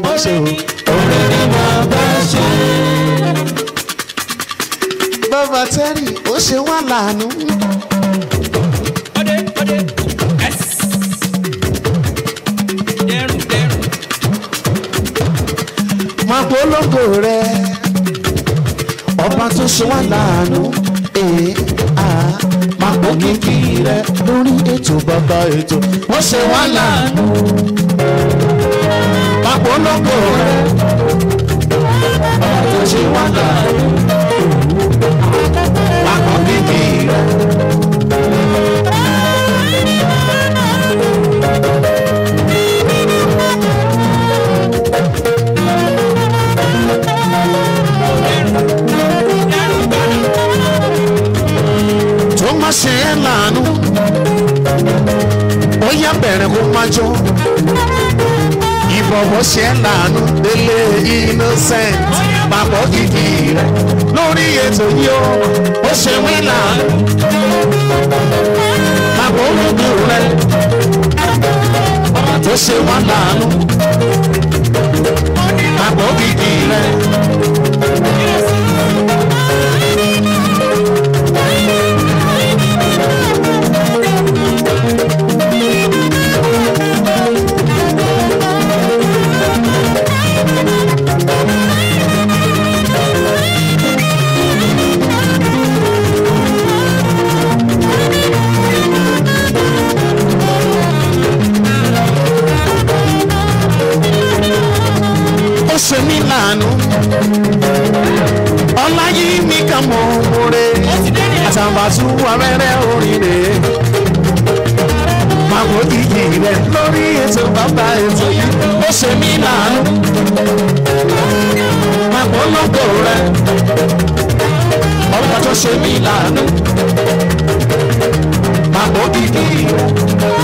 bá ṣe o. oore ni bàbá ṣe. bàbá tẹ́rì ó ṣe wá láàánú. ọdẹ ọdẹ ẹs. dẹrùn dẹrùn. polongo rẹ ọba tó ṣe wá láàánú. Ee, eh, ah, máa pọ̀ kíkì rẹ lórí ètò bàbá ètò wọ́n ṣe wá láàánú àpolongo rẹ̀ ọ̀tún ṣe wá láàyè àkọ́bí bíi rẹ̀. bó ṣe ń lànà délé innocent papọ̀ kìkì rẹ̀ lórí ètò yìí ó bó ṣe wí lànà papọ̀ olóògbé rẹ̀ ọmọ tó ṣe wọ́n lànà papọ̀ kìkì rẹ̀. ètò yìí ó ṣe mí láàánú. Máa polongo rẹ̀, ọba tó ṣe mí láàánú. Máa dídí rẹ̀.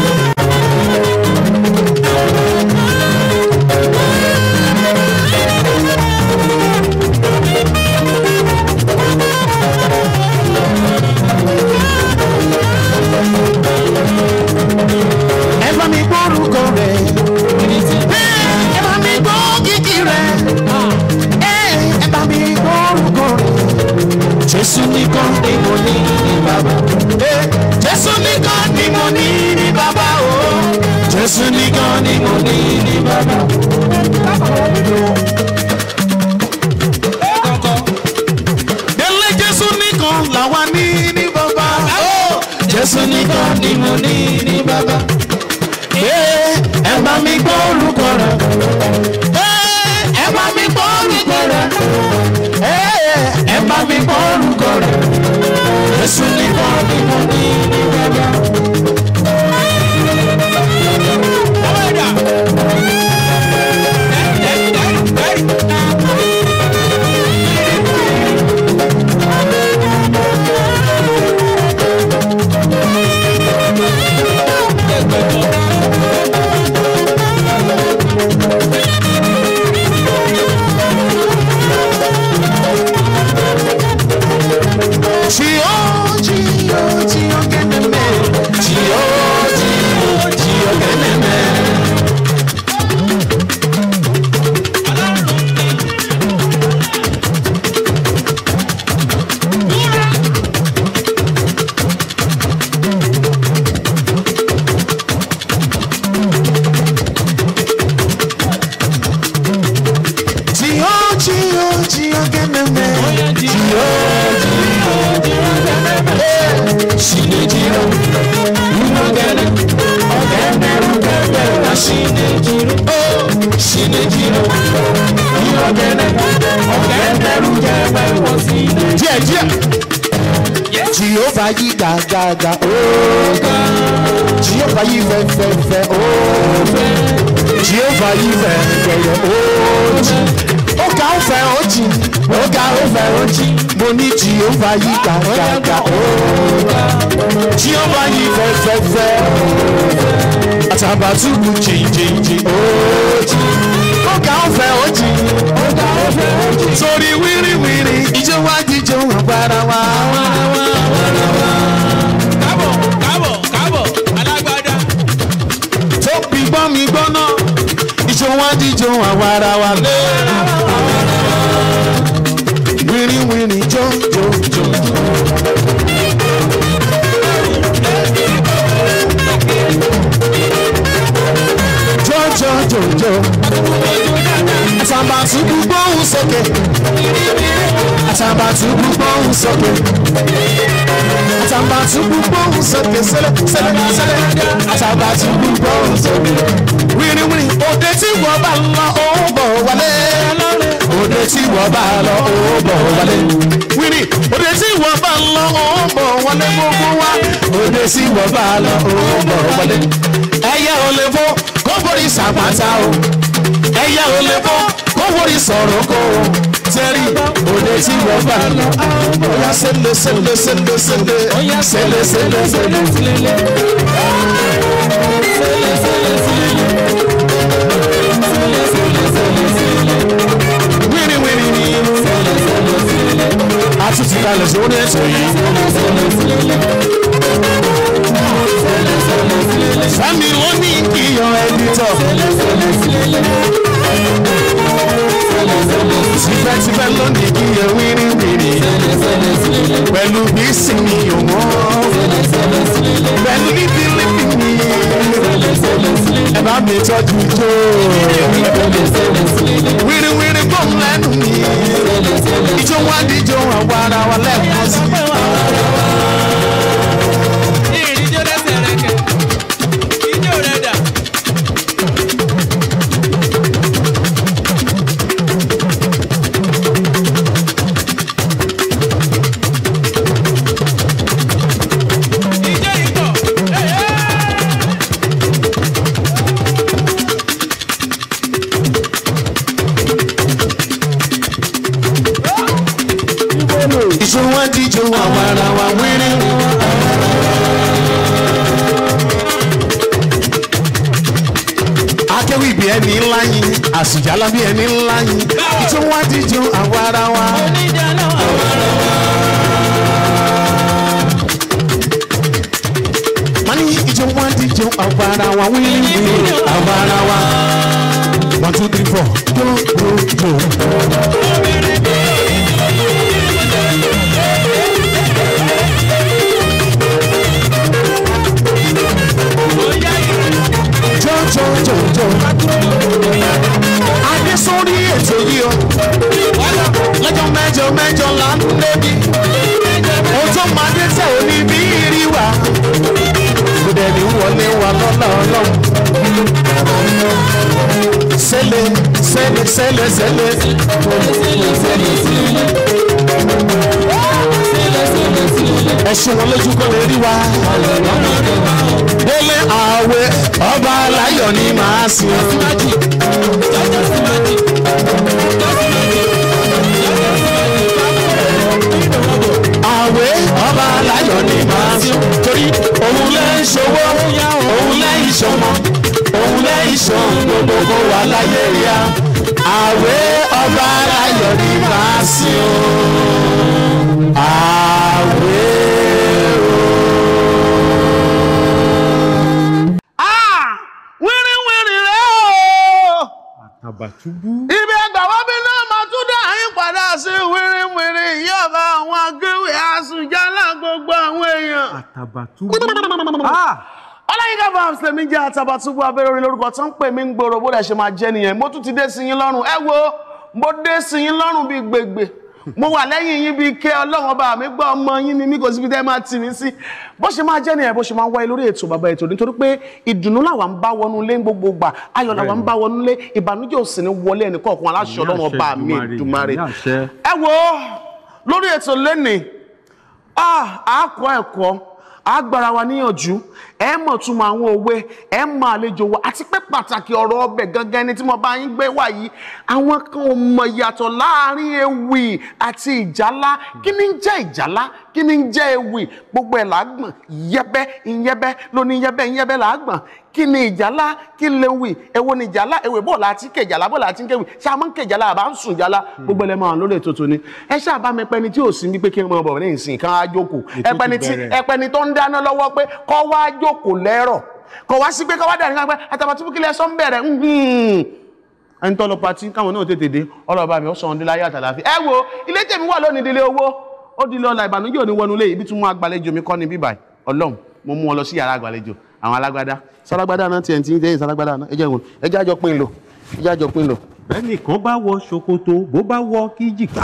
Jésù nìkan ni mo ní ní bàbá. díẹ̀ díẹ̀. jìhófà yí gàgàgà ògá oh jìhófà yí fẹ́fẹ́fẹ́ òfẹ́ oh jìhófà yí fẹ́fẹ́fẹ́ òjì oh ọ̀gá òfẹ́ òjì ọ̀gá òfẹ́ òjì mo ní jìhófà yí gàgàgà ògá jìhófà yí fẹ́fẹ́fẹ́ òfẹ́ àtàbàtúbù jìjìjì òjì ọ̀gá òfẹ́ òjì ọ̀gá òfẹ́ òjì torí wíríwíri. jó àwọn ara wa lọ. wíníwíní jó jó jó. jọjọ jọjọ. sàmbà sùkú gbóhùn sókè. Atamba gbóhùn sókè. Àtàbàtúbú gbóhùn sókè sẹ́lẹ̀ sẹ́lẹ̀ sẹ́lẹ̀. Àtàbàtúbú gbóhùn sókè. Wìrìwìrì òde tí wọ́n bá lọ ó bọ̀ wale. Òde tí wọ́n bá lọ ó bọ̀ wálé. Wìrì òde tí wọ́n bá lọ ó bọ̀ wálé gbogbo wa. Òde tí wọ́n bá lọ ó bọ̀ wálé. Ẹyẹ ò lè fọ́ kó borí sàpàtà o. Ẹyẹ ò lè fọ́ kó borí sọ̀rọ̀ kó o tẹ́rì òde tí mo bá lọ. Oya sele sele sele sele. Oya sele sele sele sele. Sele sele sele. Sele sele sele sele. Wíni wíni ni. Sele sele sele. A tún ti kalẹ̀ sí oníṣòyí. pẹ̀lú bísí mi ò mọ́ pẹ̀lú níbi níbi mi ẹ bá mi tọ́jú jó wíríwírí bò ń lẹ́nu mi ìjó wá díjó àwa ara wa lẹ́ẹ̀kan sí ìjálá bí ẹni ńlá yìí tí wọ́n ti ju àwọn ara wa. oníjàlá àwọn ara wa. wọ́n ìjọ wọ́n ti ju àwọn wa wíìlì wíìlì àwọn wa. one two three four. rí ètò yìí o lọ́jọ́ mẹ́jọ mẹ́jọ là ń débi ohun tó máa dé tẹ̀ ò ní bí rí wa gbọdẹ̀ ní wọlé wa lọ́la ọlọ́run sẹ́lẹ̀ sẹ́lẹ̀ sẹ́lẹ̀ sẹ́lẹ̀ ẹ̀sùn wọn lójú kọ́ lè rí wa délé àwẹ̀ ọba aláyọ̀ ni màá sìn. kó wà láyé ríà àwé ọba aláyọ̀ ni màá sìn o àwé o. wíríwíri rẹ o. ibi ẹgbàá wọn náà máa tún dá àyín padà sí wíríwíri ìyá ọba àwọn akéwì àsùnjálá gbogbo àwọn èèyàn. àtàbàtúbú ọláyínká farms lèmi jẹ́ àtàbàtúbú abẹ́rẹ́ orin lórúkọ tó ń pè mí ń gbòòrò bó dẹ̀ ṣe máa jẹ́ nìyẹn mo tún ti dé sí yín lọ́rùn ẹ wo mo dé sí yín lọ́rùn bíi gbègbè mo wà lẹ́yìn yín bíi kẹ́ ọlọ́run ọba mi gbọ́ ọmọ yín ni mí kò síbi tẹ́ máa tì mí sí bó ṣe máa jẹ́ nìyẹn bó ṣe máa wáyé lórí ètò bàbá ètò nítorí pé ìdùnnú làwa ń bá wọnú lé gbogbo gbà ayọ̀ làwa ń bá wọnú lé ìbànújẹ́ ò sì ní wọlé ẹnì kọ̀ọ̀kan aláṣẹ ọlọ́run ọba mi dùmarè ẹ wo lórí ètò lẹ́nìí àkọ́ ẹ̀kọ́ àgbàrá wa níyànjú ẹ mọ̀ túmọ̀ àwọn òwe ẹ mọ àlejò wa àti pé pàtàkì ọ̀rọ̀ ọbẹ̀ gangan ni tí mo bá yín gbé wá yìí àwọn kan ò mọ̀ ìyàtọ̀ láàrin ewì àti ìjálá kí ni ń jẹ́ ìjálá kí ni ń jẹ́ ewì gbogbo ẹ̀ làágbọ̀n yẹbẹ́ ìyẹbẹ́ lóní yẹbẹ́ ìyẹbẹ́ làágbọ̀n kí ni ìjálá kí ni ewì èwo ni ìjálá ewì bọ́ọ̀lù àti kejàlá bọ́ọ̀lù àti kewì ṣàmọ́ kejàlá àbá ń sùn jálá gbogbo ẹlẹ́mọ̀ àwọn lórí ètò tòní ẹ ṣáàbá mi pẹni tí ò sí ní pé kí n mọ bọ̀ ní ìsìn kan á jókòó ẹpẹni tó ń dáná lọ́wọ́ pé kọ́ wá jó kò lẹ́rọ̀ kò wá sí pé káwá dà nígbà pé àtàbàtúbú kílẹ̀ sọ ń bẹ̀rẹ̀ ẹni tọ́lọ pati káwọn náà tètè dé ọlọ́ọ̀bá mi ó sọ ọ́n dé láyé àtàlàfi ẹ wo ilé tèmi wà lónìí délé owó ó di lọ́la ìbànújẹ́ òní wọnú lé ibi tí mo agbàlejò mi kọ́ ni bíbà ọlọ́run mo mú ọ lọ sí yàrá agbàlejò àwọn alágbádá sálágbádá náà tiẹ̀ ti ń dẹ́yìn sálágbádá náà ẹjẹ́ ìwọ̀n ẹjẹ́ àjọ pin lò ẹjẹ́ àjọ pin lò. ẹnìkan bá wọ ṣòkòtò bó bá wọ kí jìkà.